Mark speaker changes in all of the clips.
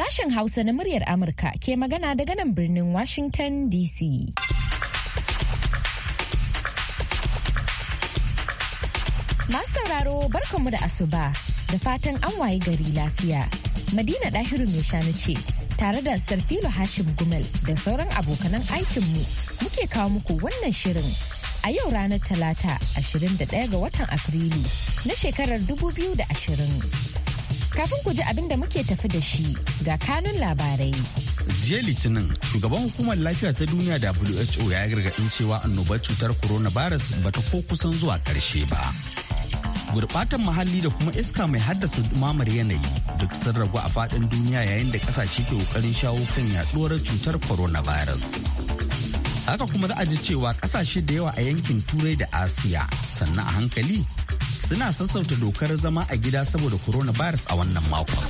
Speaker 1: Sashen Hausa na muryar Amurka ke magana daga nan birnin Washington DC. Masu sauraro barkanmu da asuba da fatan an wayi gari lafiya. Madina ɗahiru mai shanu ce tare da Sarfilo Hashim Gumel da sauran abokanan aikinmu muke kawo muku wannan shirin. A yau ranar Talata 21 ga watan Afrilu na shekarar 2020. Kafin ku ji abin da muke tafi da shi ga kanun labarai.
Speaker 2: Jiya Litinin, shugaban hukumar lafiya ta duniya WHO ya gargaɗin cewa annobar cutar coronavirus bata ko kusan zuwa ƙarshe ba. Gurɓatan muhalli da kuma iska mai haddasa dumamar yanayi duk sun ragu a faɗin duniya yayin da ƙasashe ke ƙoƙarin shawo kan yaɗuwar cutar coronavirus. Haka kuma za a ji cewa ƙasashe da yawa a yankin Turai da Asiya sannan a hankali suna sassauta dokar zama a gida saboda coronavirus a wannan makon.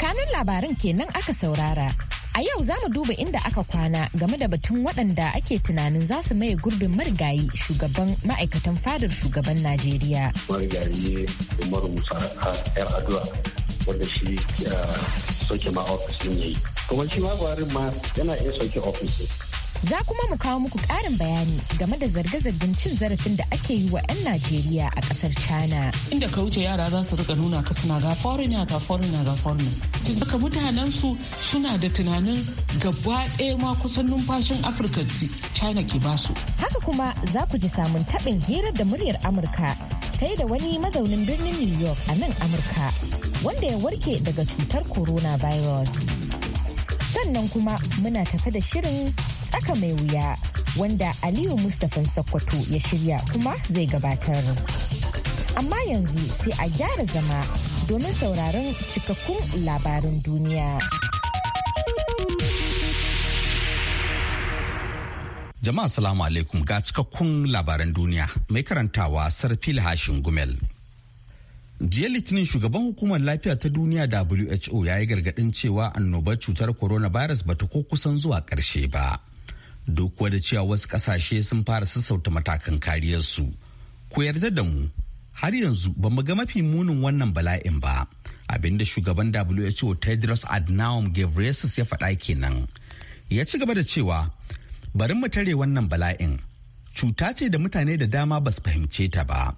Speaker 1: Kanin labarin kenan aka saurara. A yau za mu duba inda aka kwana game da batun waɗanda ake tunanin za su maye gurbin marigayi shugaban ma'aikatan fadar shugaban Najeriya.
Speaker 3: Marigayi Umaru Musa wanda shi
Speaker 2: soke ma ofis yayi. Kuma shi ma yana iya soke ofis
Speaker 1: Za kuma mu kawo muku ƙarin bayani game da zarge-zargen cin zarafin da ake yi wa 'yan Najeriya a ƙasar China.
Speaker 4: Inda ka wuce yara za su rika nuna ka suna ga foreigner ga foreigner ga foreigner. Daga mutanen su suna da tunanin gaba ɗaya ma kusan numfashin Afirka China ke basu.
Speaker 1: Haka kuma za ku ji samun taɓin hirar da muryar Amurka ta da wani mazaunin birnin New York a nan Amurka wanda ya warke daga cutar coronavirus. Sannan kuma muna tafe da shirin tsaka mai wuya wanda Aliyu Mustapha Sokoto ya shirya kuma zai gabatar. Amma yanzu sai a gyara zama domin sauraron cikakkun labarin duniya.
Speaker 2: Jama'a salamu alaikum ga cikakkun labaran duniya mai karantawa Sarfil Hashin Gumel. jiya litinin shugaban hukumar lafiya ta duniya who ya yi gargadin cewa annobar cutar coronavirus bata ko kusan zuwa karshe ba duk da cewa wasu ƙasashe sun fara sassauta matakan kariyarsu ku yarda da mu har yanzu ba mu ga mafi munin wannan bala'in ba abinda shugaban who tedros adhanom ghebreyesus ya faɗa kenan ya ci gaba da cewa bari mu tare wannan bala'in cuta ce da mutane da dama ba su fahimce ta ba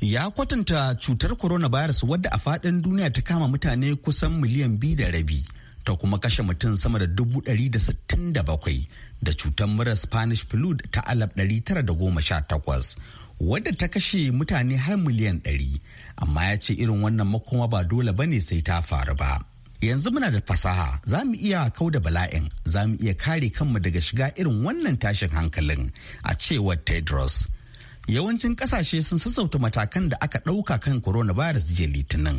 Speaker 2: ya kwatanta cutar coronavirus wadda a faɗin duniya ta kama mutane kusan miliyan biyu da rabi ta kuma kashe mutum sama da dubu ɗari da sittin da bakwai da cutar mura spanish flu ta alab ɗari tara da goma sha takwas wadda ta kashe mutane har miliyan ɗari amma ya ce irin wannan makoma ba dole ba ne sai ta faru ba yanzu muna da fasaha za mu iya kau da bala'in za mu iya kare kanmu daga shiga irin wannan tashin hankalin a cewar tedros yawancin kasashe sun sassauta matakan da aka ɗauka kan coronavirus je litinin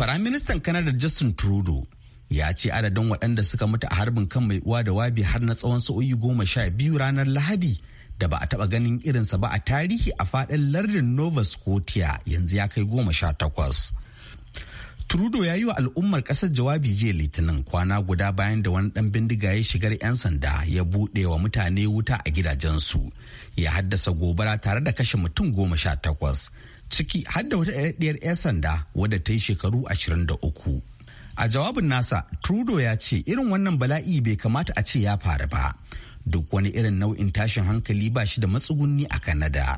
Speaker 2: Firaministan Kanada Justin Trudeau ya ce adadin waɗanda suka mutu a harbin kan mai uwa da wabi har na tsawon sa'o'i goma sha biyu ranar Lahadi da ba a taɓa ganin irinsa ba a tarihi a faɗin lardin Nova Scotia yanzu ya kai goma sha takwas. Trudeau ya yi wa al'ummar ƙasar jawabi jiya litinin kwana guda bayan da wani ɗan bindiga ya shigar 'yan sanda ya buɗe wa mutane wuta a gidajensu ya haddasa gobara tare da kashe mutum goma sha takwas ciki har da wata ɗaya ɗaya sanda wadda ta yi shekaru 23. A jawabin nasa, Trudeau ya ce irin wannan bala'i bai kamata a ce ya faru ba. Duk wani irin nau'in tashin hankali ba shi da matsugunni a Kanada.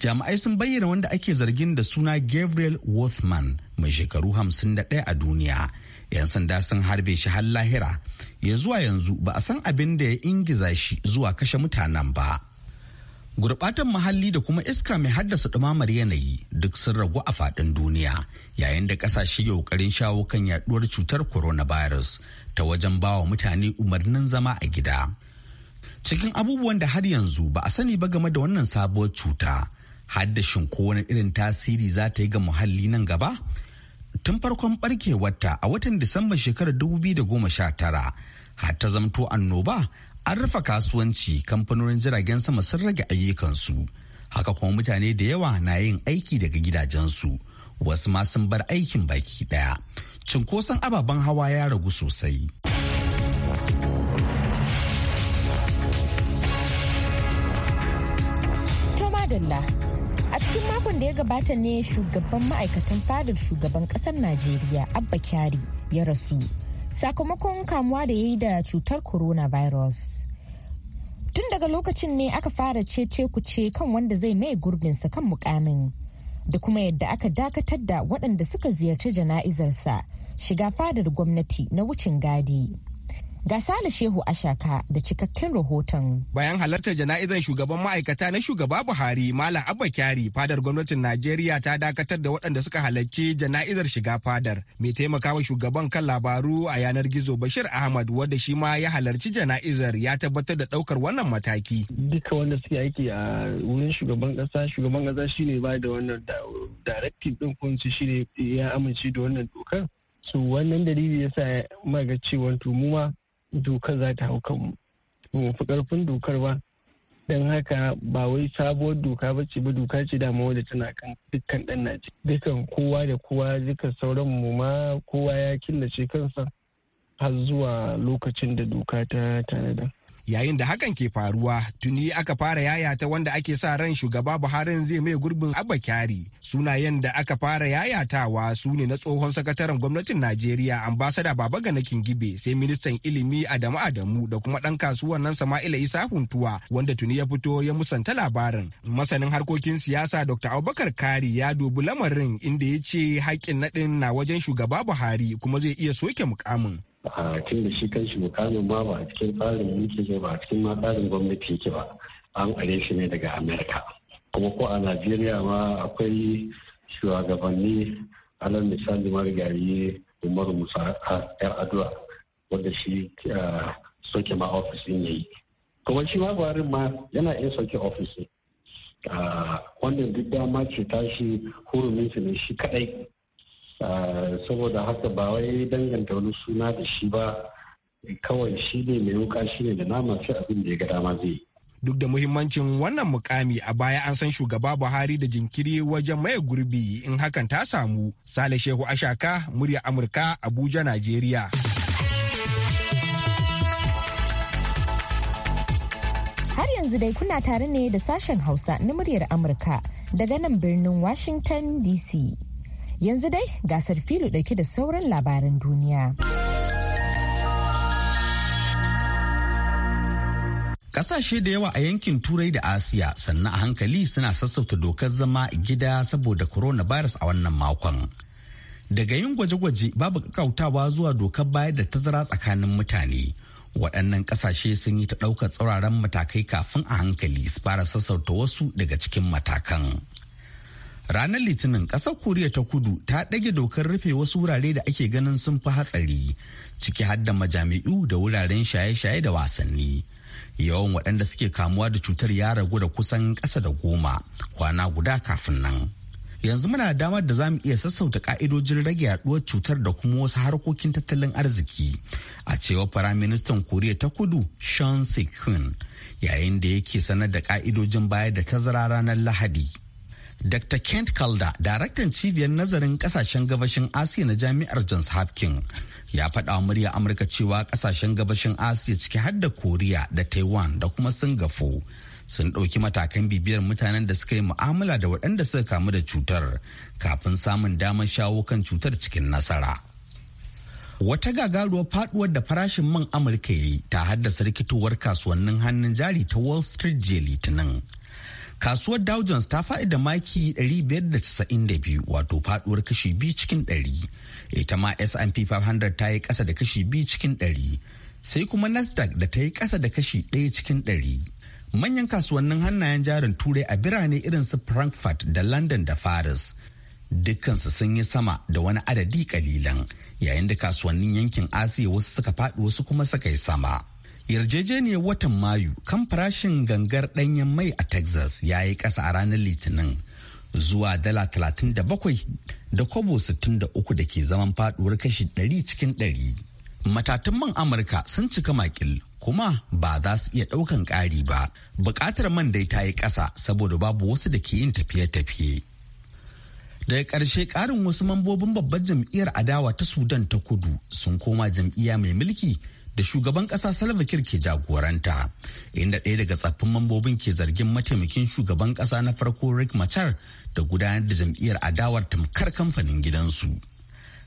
Speaker 2: Jami'ai sun bayyana wanda ake zargin da suna Gabriel Wothman mai shekaru 51 a duniya. 'Yan sanda sun harbe shi har lahira. Ya zuwa yanzu ba a san abin da ya ingiza shi zuwa kashe mutanen ba. Gurbatan muhalli da kuma iska mai haddasa dumamar yanayi duk sun ragu a faɗin duniya yayin da ƙasashe ke ƙoƙarin shawo kan yaɗuwar cutar coronavirus ta wajen bawa mutane umarnin zama a gida. Cikin abubuwan da har yanzu ba a sani ba game da wannan sabuwar cuta, haddashin ko wani irin tasiri za ta yi ga muhalli nan gaba? Tun farkon barkewarta a watan Disamba shekarar 2019 har ta zamto annoba an rufe kasuwanci kamfanonin jiragen sama sun rage ayyukansu haka kuma mutane da yawa na yin aiki daga gidajensu wasu ma sun bar aikin baki daya cinkoson ababen hawa ya ragu sosai
Speaker 1: a cikin makon da ya gabata ne shugaban ma'aikatan fadar shugaban kasar najeriya abba kyari ya rasu sakamakon kamuwa da ya yi da cutar coronavirus. Tun daga lokacin ne aka fara cece ce kan wanda zai mai gurbinsa kan mukamin da kuma yadda aka dakatar da waɗanda suka ziyarci jana'izarsa shiga fadar gwamnati na wucin gadi. Ga Sale Shehu Ashaka da cikakken rahoton.
Speaker 5: Bayan halartar jana'izar shugaban ma'aikata na shugaba Buhari, Malam Abba Kyari, fadar gwamnatin Najeriya ta dakatar da waɗanda suka halarci jana'izar shiga fadar. Mai taimakawa shugaban kan labaru a yanar gizo Bashir Ahmad wanda shi ma ya halarci jana'izar ya tabbatar da ɗaukar wannan mataki.
Speaker 6: Duka wanda suke aiki a wurin shugaban ƙasa, shugaban ƙasa shine ba da wannan directive ɗin kunci shine ya amince da wannan dokar. So wannan dalili yasa maga cewa to mu ma dokar za ta hau kanmu mu fi karfin dokar ba don haka ba wai sabuwar doka ba ce ba doka ce dama wadda tana kan dukkan dan naji dukkan kowa da kowa duka sauran mu ma kowa ya killace kansa har zuwa lokacin da doka ta tanada yayin
Speaker 5: da hakan ke faruwa tuni aka fara yayata wanda ake sa ran shugaba buhari zai mai gurbin abba kyari sunayen da aka fara yayatawa su ne na tsohon sakataren gwamnatin najeriya ambasada Baba babagana kingibe sai ministan ilimi adamu adamu da kuma dan kasuwan nan sama'ila isa huntuwa wanda tuni ya fito ya musanta labarin masanin harkokin siyasa dr abubakar kari ya dubi lamarin inda ya ce haƙƙin naɗin na wajen shugaba buhari kuma zai iya soke mukamin
Speaker 6: a tun da shi kanshi mukamin ma ba a cikin tsarin mulki ke ba a
Speaker 3: cikin ma tsarin gwamnati yake ba an are shi ne daga amerika kuma ko a najeriya ma akwai shugabanni alal misali marigayi Umar musa yar adua wanda shi soke ma ofis ya yi.
Speaker 6: kuma shi ma ma yana iya sauke ofis wannan duk dama ce tashi hurumin su ne shi kadai Ah, saboda haka ba wai danganta wani suna da shi ba kawai shi ne mai wuka shi ne da nama sai abin da ya ga dama zai
Speaker 5: duk da muhimmancin wannan mukami a baya an san shugaba buhari da jinkiri wajen maye gurbi in hakan ta samu sale shehu ashaka murya amurka abuja najeriya
Speaker 1: har yanzu dai kuna tare ne da sashen hausa na muryar amurka daga nan birnin washington dc Yanzu dai gasar filu ɗauke da sauran labaran duniya.
Speaker 2: Kasashe da yawa a yankin Turai da Asiya sannan a hankali suna sassauta dokar zama gida saboda coronavirus a wannan makon. Daga yin gwaje-gwaje babu kakautawa zuwa dokar bayar da tazara tsakanin mutane. Waɗannan ƙasashe sun yi ta ɗaukar tsauraran matakai kafin a hankali su fara sassauta wasu daga cikin matakan. ranar litinin ƙasar koriya ta kudu ta ɗage dokar rufe wasu wurare da ake ganin sun fi hatsari ciki har da majami'u da wuraren shaye-shaye da wasanni yawan waɗanda suke kamuwa da cutar ya ragu da kusan ƙasa da goma kwana guda kafin nan yanzu muna damar da za mu iya sassauta ka'idojin rage yaduwar cutar da kuma wasu harkokin tattalin arziki a cewa firaministan koriya ta kudu sean sekun yayin da yake sanar da ka'idojin bayar da tazara ranar lahadi Dr. Kent Calder, daraktan cibiyar nazarin kasashen gabashin Asiya na jami'ar Johns Hopkins, ya faɗa murya Amurka cewa kasashen gabashin Asiya ciki har da Koriya da Taiwan da kuma Singapore sun ɗauki matakan bibiyar mutanen da suka yi mu'amala da waɗanda suka kamu da cutar kafin samun damar shawo kan cutar cikin nasara. Wata gagaruwar faduwar da farashin man Amurka yi ta haddasa rikitowar kasuwannin hannun jari ta Wall Street je Litinin. kasuwar Dow Jones ta faɗi da maki 592 wato faduwar kashi biyu cikin ɗari. Ita ma S&P 500 ta yi ƙasa da kashi biyu cikin ɗari. Sai kuma Nasdaq da ta yi ƙasa da kashi ɗaya cikin ɗari. Manyan kasuwannin hannayen jarin turai a birane irin su Frankfurt da London da Paris. Dukkansu sun yi sama da wani adadi kalilan yayin da kasuwannin yankin Asiya wasu suka faɗi wasu kuma suka yi sama. yarjejeniyar watan mayu kan farashin gangar ɗanyen mai a texas ya yi ƙasa a ranar litinin zuwa dala 37 da kobo 63 da ke zaman faduwar kashi 100 cikin 100 matatun man amurka sun cika makil kuma ba za su iya ɗaukan ƙari ba buƙatar man dai ta yi ƙasa saboda babu wasu da ke yin tafiye-tafiye daga ƙarshe ƙarin wasu mambobin babbar jam'iyyar adawa ta sudan ta kudu sun koma jam'iyya mai mulki da shugaban kasa Salva Kiir ke jagoranta inda ɗaya daga tsaffin mambobin ke zargin mataimakin shugaban kasa na farko Rick Machar da gudanar da jam'iyyar adawar tamkar kamfanin gidansu.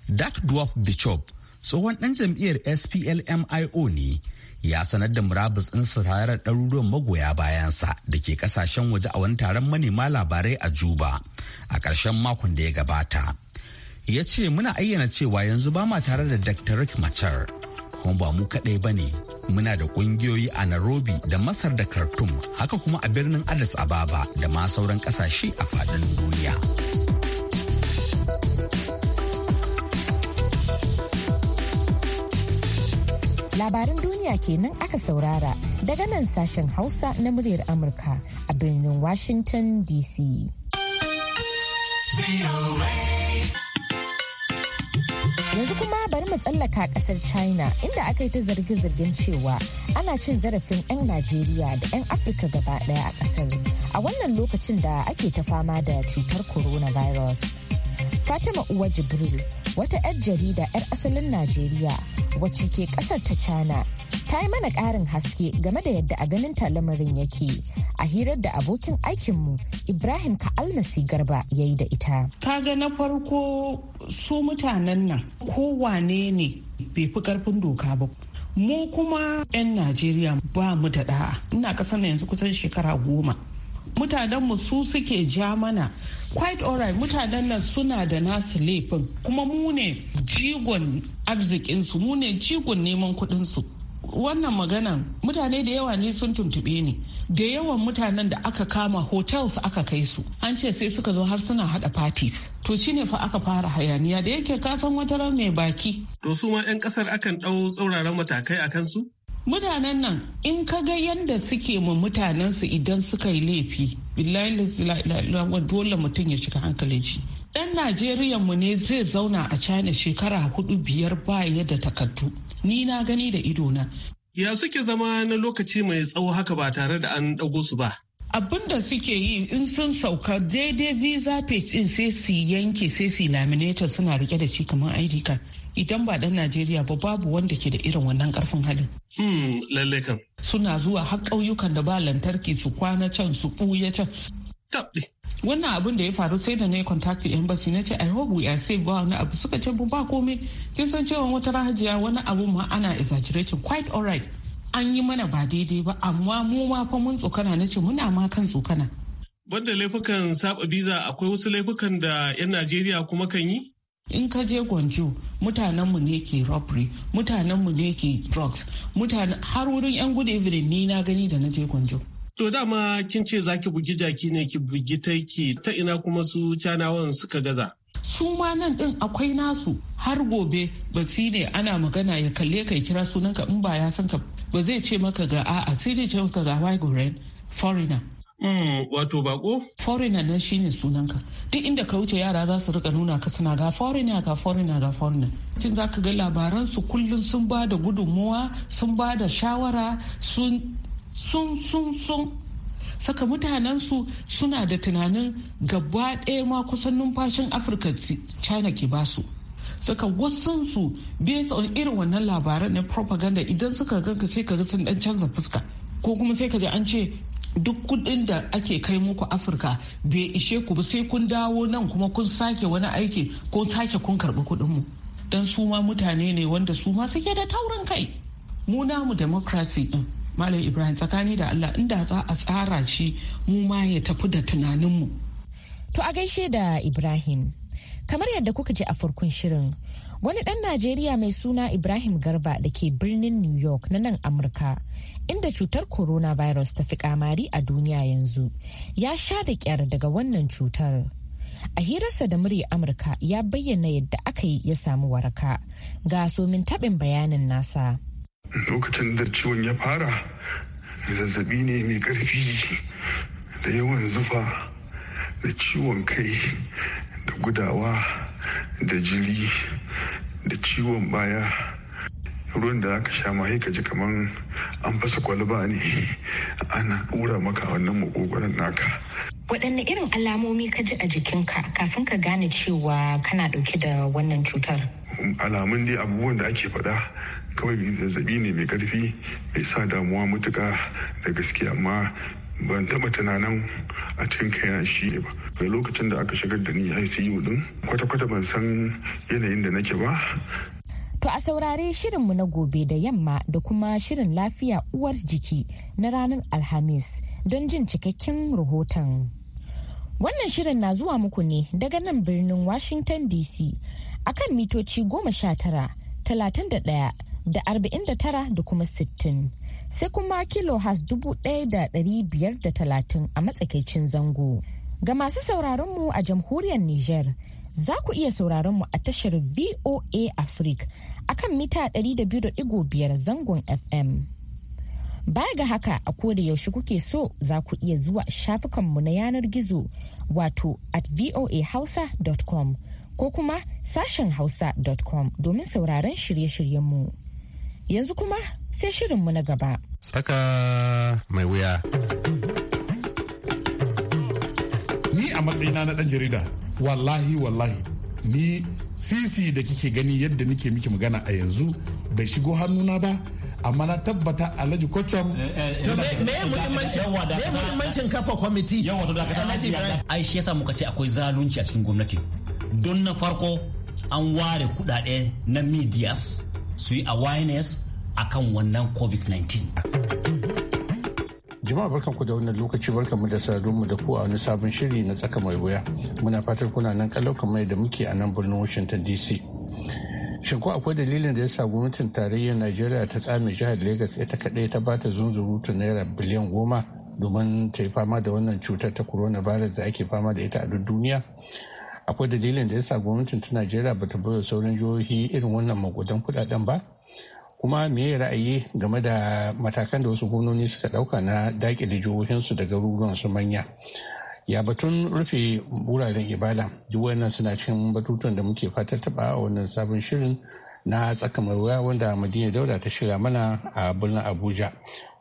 Speaker 2: Dark Dwarf Bishop tsohon ɗan jam'iyyar SPLMIO ne ya sanar da murabus ɗinsa tare da ɗaruruwan magoya bayansa da ke ƙasashen waje a wani taron manema labarai a Juba a ƙarshen makon da ya gabata. ya ce muna ayyana cewa yanzu ba ma tare da Dr. Rick Machar kuma ba mu kaɗai ba ne muna da ƙungiyoyi a Nairobi da Masar da Khartoum haka kuma a birnin Addis Ababa da ma sauran ƙasashe a faɗin
Speaker 1: duniya. Labarin duniya kenan aka saurara daga nan sashen Hausa na muryar Amurka a birnin Washington DC. yanzu kuma bari mu tsallaka kasar china inda aka yi ta zarge-zargen cewa ana cin zarafin 'yan najeriya da 'yan afirka gaba daya a kasar a wannan lokacin da ake ta fama da cutar coronavirus fatima uwa jibril wata 'yar jarida 'yar asalin Najeriya wacce ke ƙasar ta China ta yi mana ƙarin haske game da yadda a ganin ta lamarin yake a hirar da abokin aikinmu Ibrahim Ka'almasi Garba ya yi da ita.
Speaker 4: Kaga na farko su mutanen nan kowane ne bai fi karfin doka ba. Mu kuma 'yan Najeriya ba mu da da'a. Ina ƙasar na yanzu kusan shekara goma. mutanenmu su suke ja mana quite alright mutanen nan suna da nasu laifin kuma mu ne jigon arzikinsu mu ne jigon neman kuɗinsu wannan maganan mutane da yawa ne sun tuntube ni da yawan mutanen da aka kama hotels aka kai su an ce sai suka zo har suna hada parties to shine fa aka fara hayaniya da yake kasan wata mai baki to su ma 'yan kasar akan ɗau tsauraran matakai a kansu mutanen nan in ka ga yadda suke ma mutanensu idan suka yi laifi billahi dole mutum ya shiga hankalin shi dan najeriya mu ne zai zauna a china shekara hudu biyar baya da takardu ni na gani da ido na ya suke zama na lokaci mai tsawo haka ba tare da an dago su ba abin da suke yi in sun sauka daidai visa page in sai su yanke sai su laminator suna rike da shi kamar id card idan ba dan najeriya ba babu wanda ke da irin wannan karfin halin
Speaker 7: hmm lalle
Speaker 4: suna zuwa har ƙauyukan da ba lantarki su kwana can su ɓuya can wannan abin da ya faru sai da na yi yan basi na ce i hope we are safe ba wani abu suka ce ba komai kin san cewa wata rahajiya wani abu ma ana exaggerating quite alright an yi mana ba daidai ba amma mu ma fa mun tsokana na ce muna ma kan tsokana. Banda laifukan saba biza akwai wasu laifukan da 'yan Najeriya kuma kan yi? In ka je Gwanjo mutanenmu ne ke robbery, mutanenmu ne ke drugs, mutanen har wurin 'yan gudu evidence ni na gani da na je Gwanjo. To dama kin ce za bugi jaki ne ki bugi taiki ta ina kuma su canawan suka gaza. Su ma nan din akwai nasu har gobe basi ne ana magana ya kalle kai kira sunanka in ba ya san ka ba zai ce maka ga a'a sai dai ce maka ga wagoren foreigner Mm, wato bako? Foreigner na ne sunanka. Duk inda ka wuce yara za su rika nuna ka suna ga foreigner ga foreigner ga foreigner. Cin za ka ga labaran su kullum sun ba da gudunmuwa, sun ba da shawara, sun sun sun sun saka mutanensu suna da tunanin gaba ɗaya ma kusan numfashin afirka china ke basu daga wasansu based on irin wannan labaran na propaganda idan suka ganka sai ka ga sun dan canza fuska ko kuma sai ka ji an ce duk kudin da ake kai muku afirka bai ishe ku ba sai kun dawo nan kuma kun sake wani aiki ko sake kun karbi kudin mu Dan su ma mutane ne wanda su ma suke da taurin kai mu namu democracy din malam ibrahim tsakani da allah inda za a tsara shi mu ma ya tafi da tunanin mu.
Speaker 1: to a gaishe da ibrahim Kamar yadda kuka ji a farkon shirin, wani ɗan Najeriya mai suna Ibrahim Garba da ke birnin New York na nan Amurka, inda cutar coronavirus ta fi kamari a duniya yanzu, ya sha da kyar daga wannan cutar. A hirarsa da murya Amurka ya bayyana yadda aka yi ya samu waraka, ga somin taɓin bayanin nasa.
Speaker 7: Lokacin da ciwon ya fara, zazzabi ne mai ƙarfi da yawan zufa da ciwon kai da gudawa da jiri da ciwon baya ruwan da aka sha ma ka ji kamar an fasa kwalba ne ana ɗura maka wannan makogoron naka
Speaker 1: waɗanne irin alamomi ka ji a jikinka kafin ka gane cewa kana ɗauke da wannan cutar
Speaker 7: alamun dai abubuwan da ake faɗa kawai zazzabi ne mai ƙarfi mai sa damuwa matuka da gaske amma ban taɓa tunanin a cikin kaina shi ne ba da lokacin da aka shigar da ni ICU din kwata-kwata ban san yanayin da nake ba
Speaker 1: To a saurare shirinmu na gobe da yamma da kuma shirin lafiya uwar jiki na ranar Alhamis don jin cikakken rahoton. Wannan shirin na zuwa muku ne daga nan birnin Washington DC a kan mitoci goma sha tara, talatin da ɗaya da arba'in da tara da kuma sittin. Sai kuma kilo has dubu ɗaya da dari biyar da talatin a matsakaicin zango. Ga masu sauraronmu a jamhuriyar Nijar, za ku iya sauraronmu a tashar VOA Africa a kan mita 200.5 zangon FM. Baya ga haka a koda yaushe kuke so za ku iya zuwa shafukanmu na yanar gizo wato at voahausa.com ko kuma sashen hausa.com domin sauraron shirye-shiryenmu. Yanzu kuma sai shirinmu na gaba.
Speaker 6: Tsaka
Speaker 7: mai wuya. ni a matsayina na dan jarida wallahi wallahi ni sisi da kike gani yadda nike miki magana a yanzu bai shigo hannuna ba amma na tabbata alhaji kwacan eh, eh, eh, me muhimmancin kafa kwamiti yawa ai shi yasa muka ce akwai
Speaker 3: zalunci a cikin gwamnati don na farko an ware kudade na medias
Speaker 6: su yi awareness akan wannan
Speaker 3: covid-19
Speaker 6: Jama'a barkanku da wannan lokaci mu da mu da ku a wani sabon shiri na tsaka mai wuya. Muna fatar kuna nan kalau kamar da muke a nan birnin Washington DC. Shin ko akwai dalilin da ya sa gwamnatin tarayyar Najeriya ta tsame jihar Legas ita kaɗai ta bata zunzurutu naira biliyan goma domin ta yi fama da wannan cutar ta Corona coronavirus da ake fama da ita a duk duniya? Akwai dalilin da ya sa gwamnatin ta Najeriya bata bayar sauran jihohi irin wannan magudan kuɗaɗen ba? kuma meye ra'ayi game da matakan da wasu gwamnoni suka dauka na dakile jihohinsu da garuruwan su manya ya batun rufe wuraren ibada duk wannan suna cikin batutuwan da muke fatar taba a wannan sabon shirin na tsakamarwa wanda madina dauda ta shirya mana a birnin abuja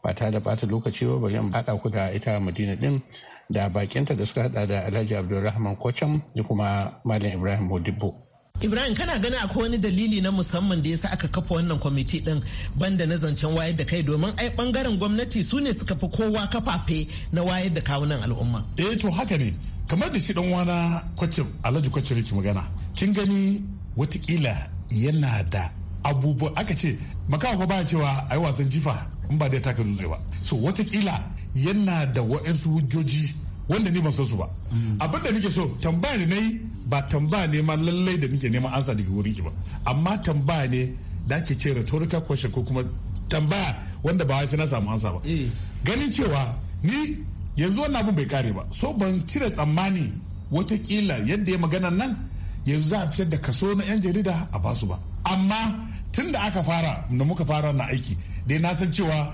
Speaker 6: ba ta da bata lokaci ba bari in bada ku da ita madina din da bakinta da suka hada da alhaji abdulrahman kocham da kuma malam ibrahim modibo
Speaker 4: Ibrahim kana gani akwai wani dalili na musamman da yasa aka kafa wannan kwamiti din banda na zancen wayar da kai domin ai bangaren gwamnati su ne suka fi
Speaker 7: kowa kafafe na wayar da kawunan al'umma. Eh to haka ne kamar da shi dan wana kwace Alhaji kwacin yake magana kin gani watakila yana da abubuwa aka ce makawa ba cewa ai wasan jifa in ba dai taka dutse ba so watakila yana da wa'ansu hujjoji wanda ni ban san su ba abin da nake so tambaya ne nayi ba tambaya ne ma lallai da nake neman ansa daga wurin ki ba amma tambaya ne da ake ce rhetorical question ko kuma tambaya wanda ba wai sai na samu ansa ba eh. ganin cewa ni yanzu wannan abin bai kare ba so ban cire tsammani watakila yadda ya magana nan yanzu za a fitar da kaso na yan jarida a basu ba amma tun da aka fara da muka fara na aiki dai na san cewa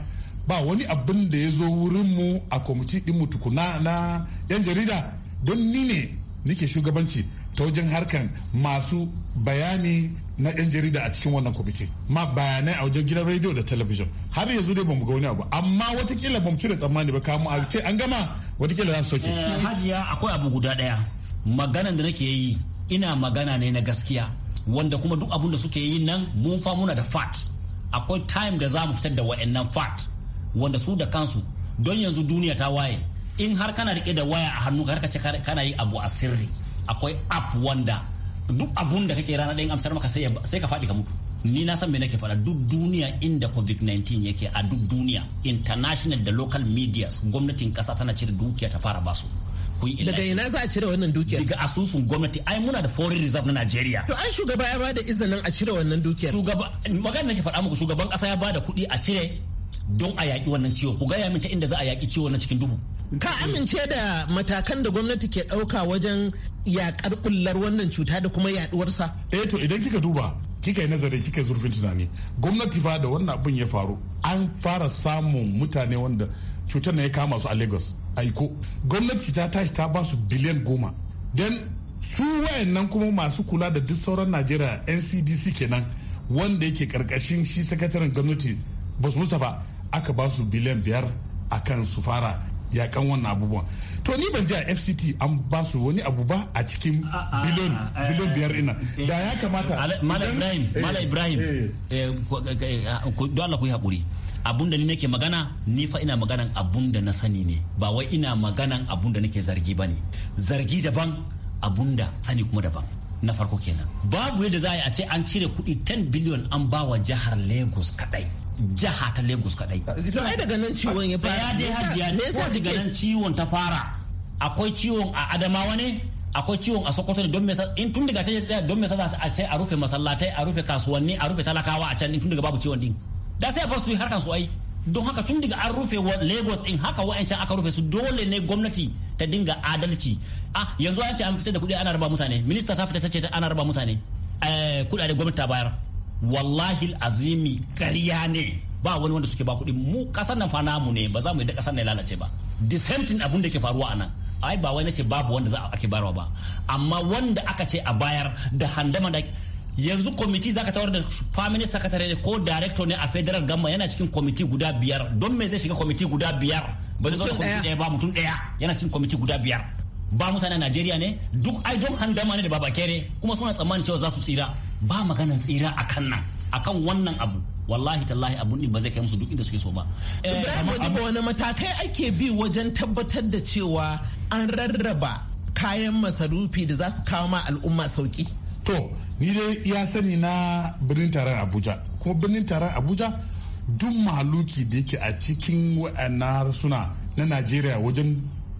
Speaker 7: ba wani abin da ya zo wurinmu a kwamiti ɗinmu tukuna na 'yan jarida don ni ne nake shugabanci ta wajen harkan masu bayani na 'yan jarida a cikin wannan kwamiti ma bayanai a wajen gidan rediyo da talabijin har yanzu dai bamu ga wani abu amma watakila bamu cire tsammani ba kamu a ce an gama watakila za su soke. Eh, hajiya akwai abu guda ɗaya
Speaker 3: maganan da nake yi ina magana ne na gaskiya wanda kuma duk abun da suke yi nan mun fa muna da fat akwai time da za mu fitar da wa'annan fat wanda su da kansu don yanzu duniya ta waye in har kana rike da waya a hannu har ka ce kana yi abu a sirri akwai app wanda duk abun da kake rana ɗayan amsar maka sai ka faɗi ka mutu ni na san me nake faɗa duk duniya inda covid-19 yake a duk duniya international da local medias gwamnatin ƙasa tana cire dukiya ta fara basu daga ina za a cire wannan dukiyar daga asusun gwamnati ai muna da foreign reserve na Najeriya to ai shugaba ya bada izinin a cire wannan dukiyar shugaba magana nake faɗa muku shugaban ƙasa ya bada kuɗi a cire don a yaƙi wannan ciwon ku gaya min ta inda za a yaƙi ciwon na cikin dubu ka amince
Speaker 4: da matakan da gwamnati ke ɗauka wajen
Speaker 7: yaƙar ƙullar wannan cuta da kuma yaɗuwarsa eh to idan kika duba kika yi nazari kika zurfin tunani gwamnati fa da wannan abin ya faru an fara samun mutane wanda cutar na ya kama su a lagos aiko gwamnati ta tashi ta ba su biliyan goma don su wayannan kuma masu kula da duk sauran najeriya ncdc kenan wanda yake karkashin shi sakataren gwamnati su mustapha aka ba su biliyan biyar a kan su fara yakan wannan abubuwan to ni ban ji a fct an ba su wani abu ba a cikin biliyon biyar ina eh, da ya kamata mala ibrahim eh, mala ibrahim
Speaker 3: eh. ah, dole ku yi haƙuri abun da ni nake magana ni fa ina maganan abun da na sani ne ba wai ina maganan abun da nake zargi ba ne zargi daban abun da sani kuma daban na farko kenan babu yadda za a ce an cire kuɗi 10 biliyon an ba wa jihar lagos kaɗai jiha ta Lagos kadai. To ai daga nan ciwon ya fara. Ya dai hajiya me yasa daga nan ciwon ta fara? Akwai ciwon a Adamawa ne? Akwai ciwon a Sokoto ne don me in tun daga can don me sa a ce a rufe masallatai, a rufe kasuwanni, a rufe talakawa a can tun daga babu ciwon din. Da sai a far su harkan harkar su ai. Don haka tun daga an rufe Lagos in haka wa'ancan aka rufe su dole ne gwamnati ta dinga adalci. Ah yanzu an ce an fitar da kuɗi ana raba mutane. Minista ta fita ta ce ana raba mutane. Eh, kuɗaɗe gwamnati ta bayar. wallahi azimi ƙarya ne ba wani wanda suke ba kuɗi mu ƙasar nan fa namu ne ba za mu yi da ƙasar nan lalace ba the same thing da ke faruwa a nan ai ba wai nace babu wanda za a ake bayarwa ba amma wanda aka ce a bayar da handama da yanzu kwamiti ka tawar da family secretary ne ko director ne a federal gamma yana cikin kwamiti guda biyar don me zai shiga kwamiti guda biyar ba zai zo kwamiti daya ba mutum daya yana cikin kwamiti guda biyar ba mutane a Najeriya ne duk ai don handama ne da babakere kuma suna tsammanin cewa za su tsira ba maganar tsira a kan nan a kan wannan abu wallahi tallahi abun ne ba zai kai musu duk inda suke so ba. Eh, wani matakai ake bi wajen tabbatar da cewa an rarraba kayan masarufi
Speaker 4: da
Speaker 7: za su kawo ma al'umma sauki. To, ni dai ya sani na birnin taron Abuja. Kuma birnin taron Abuja duk mahaluki da yake a cikin wa'annan suna na Najeriya wajen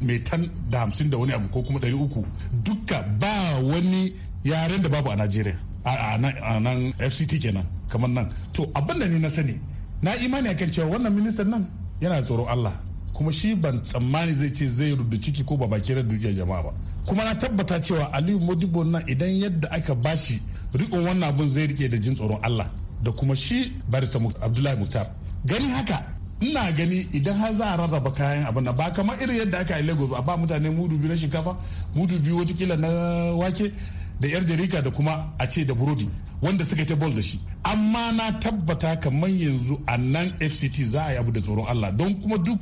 Speaker 7: mai tan da hamsin da wani abu ko kuma ɗari uku duka ba wani yaren da babu a Najeriya. a nan fct kenan kamar nan to abin da ni na sani na imani a kan cewa wannan ministan nan yana tsoro allah kuma shi ban tsammani zai ce zai rudu ciki ko ba baki da dukiyar jama'a ba kuma na tabbata cewa aliyu modibo nan idan yadda aka bashi riƙon wannan abun zai rike da jin tsoron allah da kuma shi barista abdullahi muktar gani haka ina gani idan har za a rarraba kayan abin ba kamar irin yadda aka yi lagos ba mutane mudu biyu na shinkafa mudu biyu kila na wake da yar rika da kuma a ce da burodi wanda suka ta bol da shi amma na tabbata kamar yanzu a nan fct za a yi abu da tsoron allah don kuma duk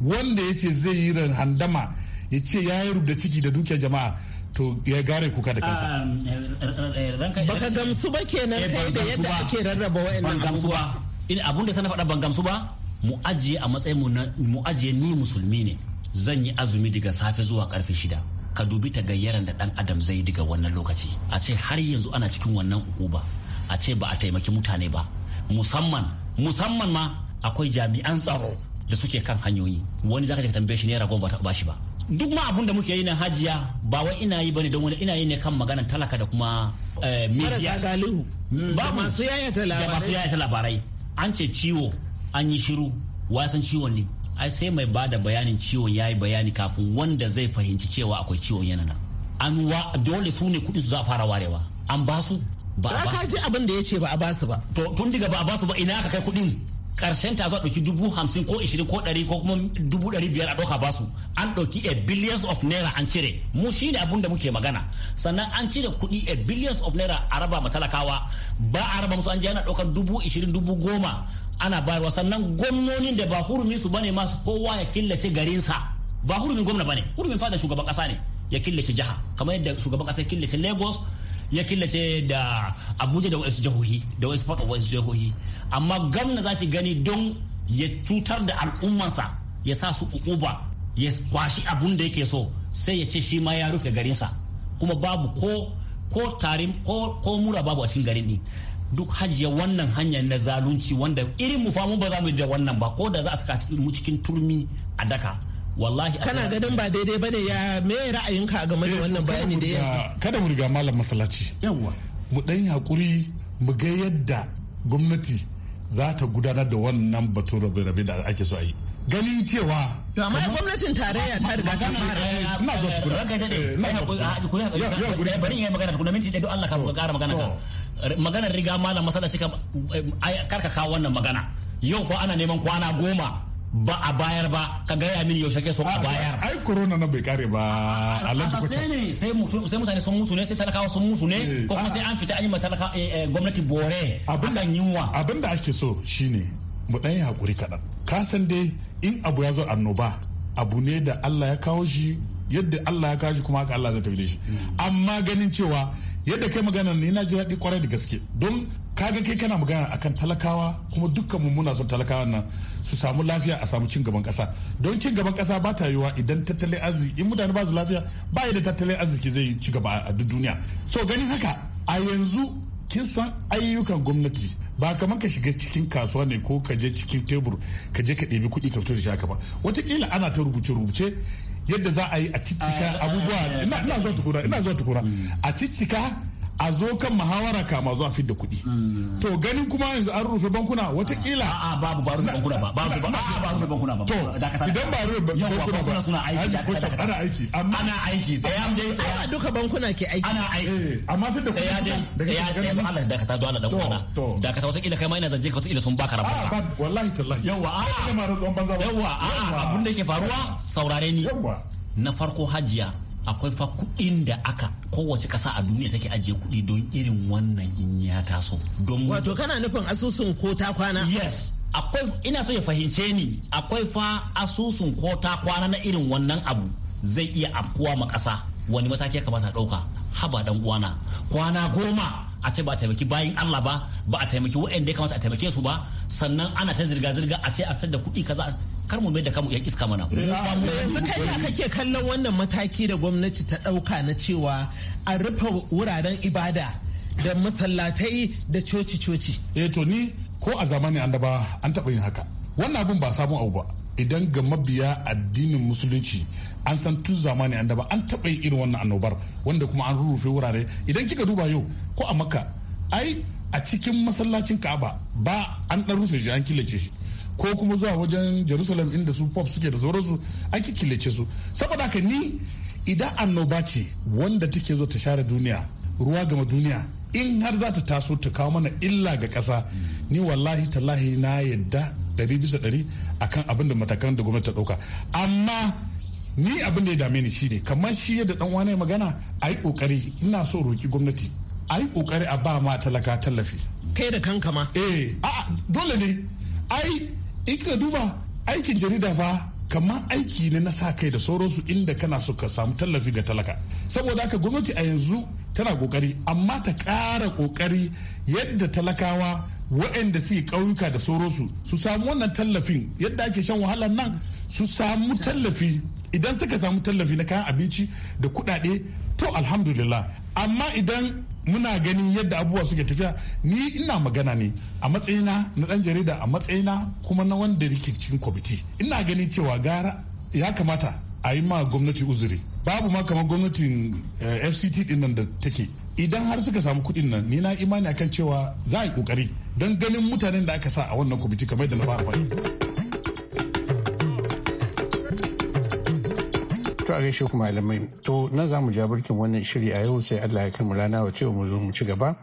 Speaker 7: wanda ya ce zai yi ran handama ya ce ya yi da ciki da dukiyar jama'a to ya gare kuka da kansa ah,
Speaker 3: eh, eh, eh, baka gamsu ba kenan kai da yadda ake rarraba wa'annan abubuwa in abun da sana faɗa ban gamsu ba mu ajiye a matsayin mu ajiye ni musulmi ne zan yi azumi daga safe zuwa karfe shida ka dubi gayyara da dan adam zai diga wannan lokaci a ce har yanzu ana cikin wannan ukuba a ce ba a taimaki mutane ba musamman musamman ma akwai jami'an tsaro da suke kan hanyoyi wani zaka tambaye shi naira goma ba shi ba duk ma abun da muke yi na hajiya ba wai ina yi bane don wani ina yi ne kan magana talaka da kuma eh, media mm, ba masu yayata labarai an ce ciwo an yi shiru wasan ciwon ne ai sai mai ba da bayanin ciwon ya yi bayani kafin wanda zai fahimci cewa akwai ciwon yana nan an wa dole su ne kuɗin su za a fara warewa an ba su ba a ka ji abin da ya ce ba a ba su ba to tun daga ba a ba su ba ina aka kai kuɗin karshen ta zuwa ɗauki dubu hamsin ko ishirin ko ɗari ko kuma dubu ɗari biyar a ɗauka basu an ɗauki a billions of naira an cire mu shi ne abin da muke magana sannan an cire kuɗi a billions of naira a raba ma talakawa ba a raba musu an je ana ɗaukar dubu ishirin dubu goma ana bayarwa sannan gwamnonin da ba hurumin su bane masu kowa ya killace garinsa ba hurumin gwamna bane hurumin fada shugaban kasa ne ya killace jiha kamar yadda shugaban kasa ya killace Lagos ya killace da Abuja da wasu jihohi da wasu fada wasu jihohi amma gwamna ki gani don ya cutar da al'ummansa ya sa su ukuba ya kwashi abun da yake so sai ya ce shi ma ya rufe garinsa kuma babu ko ko tarin ko mura babu a cikin garin ne duk hajiya wannan hanya na zalunci wanda irin mu famu ba za mu da wannan ba ko da za a saka mu cikin turmi a daka wallahi kana ganin
Speaker 7: ba daidai bane ya me ra'ayinka game da eh, wannan bayani da ya kada mu riga malam masallaci yawa mu dan hakuri mu ga yadda gwamnati za ta gudanar da wannan batun rabe-rabe da ake so a yi ganin cewa
Speaker 3: amma gwamnatin tarayya ta riga ta fara eh, ina zo eh, ku raka da ne ku ya ku bari in yi magana ku na minti da Allah ka fara magana ka maganar riga malam masallaci ka eh, karkaka wannan magana yau ko ana neman kwana goma ba a bayar ba ka gaya min yaushe ke so a bayar
Speaker 7: ai corona na bai kare ba alhaji kwacha sai
Speaker 3: ne sai mutu sai mutane sun mutu ne sai talakawa sun mutu ne eh. ko
Speaker 7: kuma sai an fita an yi ma talaka eh, gwamnati bore akan yunwa abinda da ake so shine mu dan yi hakuri kadan ka san dai in abu ya zo annoba abu ne da Allah ya kawo shi yadda Allah ya kawo shi kuma haka Allah zai tafi da shi hmm. amma ganin cewa yadda kai magana ne na ji daɗi kwarai da gaske don kaga kai kana magana akan talakawa kuma dukkan mu muna son talakawa nan su samu lafiya a samu cin gaban kasa don cin gaban kasa ba ta yiwa idan tattalin arziki in mutane ba su lafiya ba da tattalin arziki zai ci gaba a duk duniya so ganin haka a yanzu kin san ayyukan gwamnati ba kamar ka shiga cikin kasuwa ne ko ka je cikin tebur ka je ka ɗebi kuɗi ka fito da shaka ba wataƙila ana ta rubuce-rubuce yadda za a yi a ciccika abubuwa ina zuwa tukura ina zuwa tukura a ciccika a zo kan muhawara kama zuwa fit da kuɗi. Hmm. To ganin kuma yanzu an rufe bankuna watakila. A'a babu ba rufe bankuna ba. Babu ba a'a ba rufe bankuna ba. To idan ba rufe bankuna ba. suna aiki. Ana aiki. Amma ana aiki. Sai an je sai duka bankuna ke aiki. Ana aiki. Eh, amma fit da kuɗi. Sai an je sai an je
Speaker 3: Allah dakata zuwa to. Da kwana. Dakata watakila kai ma ina zanje ka watakila sun baka rabon. A'a wallahi tallahi. Yawwa a'a.
Speaker 7: Yawwa a'a abun da
Speaker 3: yake faruwa saurare ni. Yawwa. Na farko hajiya akwai fa kuɗin da aka kowace ƙasa a duniya take ajiye kuɗi don irin wannan in ya taso. Wato kana nufin asusun ko ta kwana? Yes. Akwai ina so ya fahimce ni akwai fa asusun ko ta kwana na irin wannan abu zai iya afkuwa ma ƙasa wani mataki ya kamata ɗauka haba dan uwana kwana goma a ce ba a taimaki bayin Allah ba ba a taimaki waɗanda ya kamata a taimake su ba sannan ana ta zirga-zirga a ce a fitar da kuɗi kaza kar mu mai da kamu ya iska mana. Yanzu eh, eh, kai ya kake
Speaker 4: kallon wannan mataki da gwamnati ta ɗauka na cewa
Speaker 7: a rufe wuraren ibada da masallatai da coci-coci. Eh to ni ko a zamanin annaba an taɓa yin haka. Wannan abin ba sabon abu ba. Idan ga mabiya addinin musulunci an san tun zamani daba an taɓa yin irin wannan annobar wanda kuma an rurrufe wurare idan kika duba yau ko a makka ai a cikin masallacin ka'aba ba an ɗan rufe shi an killace shi ko kuma zuwa wajen jerusalem inda su pop suke da su an kikilace su saboda haka ni idan annoba ce wanda take zo ta share duniya ruwa gama duniya in har za ta taso ta kawo mana illa ga kasa ni wallahi tallahi na yadda ɗari bisa ɗari kan abin da matakan da gwamnati ta ɗauka amma ni abin da ya dame ni ne kamar shi yadda dan wani magana a yi ƙoƙari ina so roki gwamnati a yi ƙoƙari a ba ma talaka tallafi kai da kanka ma eh a dole ne ai in ka duba aikin jarida fa kamar aiki ne na sa kai da sauransu inda kana so ka samu tallafi ga talaka saboda haka gwamnati a yanzu tana kokari amma ta ƙara kokari yadda talakawa waɗanda suke ƙauyuka da sauransu su samu wannan tallafin yadda ake shan wahalar nan su samu tallafi idan suka samu tallafi na kayan abinci da kuɗaɗe to alhamdulillah amma idan muna ganin yadda abubuwa suke tafiya ni ina magana ne a matsayina na dan jarida a matsayina kuma na wanda rike cikin kwamiti ina ganin cewa gara ya kamata a yi ma gwamnati uzuri babu ma kamar gwamnatin eh, fct din nan da take idan har suka samu kuɗin nan ni na imani akan cewa za a yi kokari don ganin mutanen da aka sa a wannan kwamiti kamar da na fara faɗi.
Speaker 6: a gaishe ku malamai. To nan za mu ja birkin wannan shiri a yau sai Allah ya kai mu rana wace mu zo mu ci gaba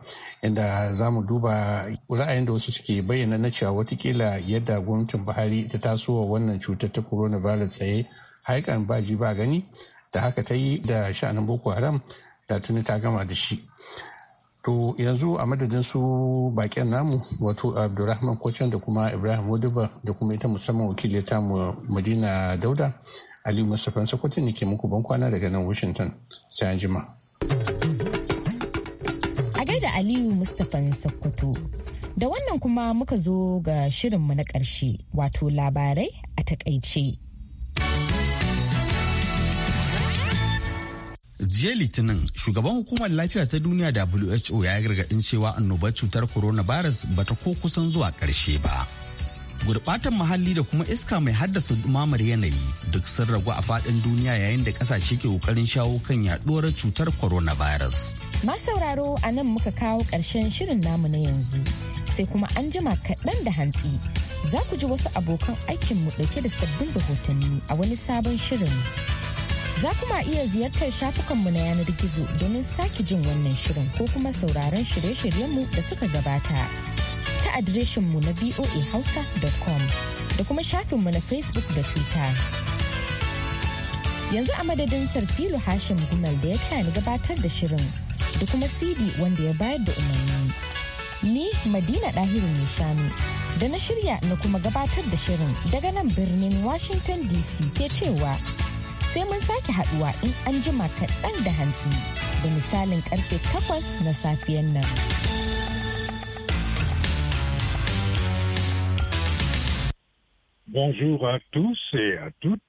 Speaker 6: inda za mu duba ra'ayin da wasu suke bayyana na cewa watakila yadda gwamnatin Buhari ta taso wa wannan cutar ta coronavirus tsaye haikan ba ji ba gani da haka ta yi da sha'anin Boko Haram da tuni ta gama da shi. To yanzu a madadin su bakin namu wato Abdulrahman Kocan da kuma Ibrahim Wadiba da kuma ita musamman wakiliyar tamu Madina Dauda. aliyu mustapha sokoto ne ke muku ban kwana daga nan washington sai an jima
Speaker 1: a gaida aliyu mustapha sokoto da wannan kuma muka zo ga shirinmu na ƙarshe wato labarai a takaice
Speaker 2: jiya litinin shugaban hukumar lafiya ta duniya who ya yi gargaɗin cewa annobar cutar coronavirus ba ta ko kusan zuwa ƙarshe ba gurbatan muhalli da kuma iska mai haddasa dumamar yanayi duk sun ragu a faɗin duniya yayin da ƙasashe ke ƙoƙarin shawo kan yaɗuwar cutar coronavirus.
Speaker 1: sauraro a nan muka kawo ƙarshen shirin namu na yanzu sai kuma an jima kaɗan da hantsi za ku ji wasu abokan aikinmu ɗauke da sabbin rahotanni a wani sabon shirin. Za kuma iya ziyartar shafukanmu na yanar gizo domin sake jin wannan shirin ko kuma sauraron shirye-shiryenmu da suka gabata. adireshinmu na voahausa.com da kuma shafinmu na Facebook da Twitter. Yanzu a madadin Sarfilo Hashim Gumal da ya tani gabatar da shirin da kuma CD wanda ya bayar da umarni. Ni Madina Dahiru mai shanu da na shirya na kuma gabatar da shirin daga nan birnin Washington DC ke cewa sai mun sake haduwa in an jima kaɗan da hantsi da misalin karfe takwas na safiyan nan.
Speaker 7: Bonjour à tous et à toutes.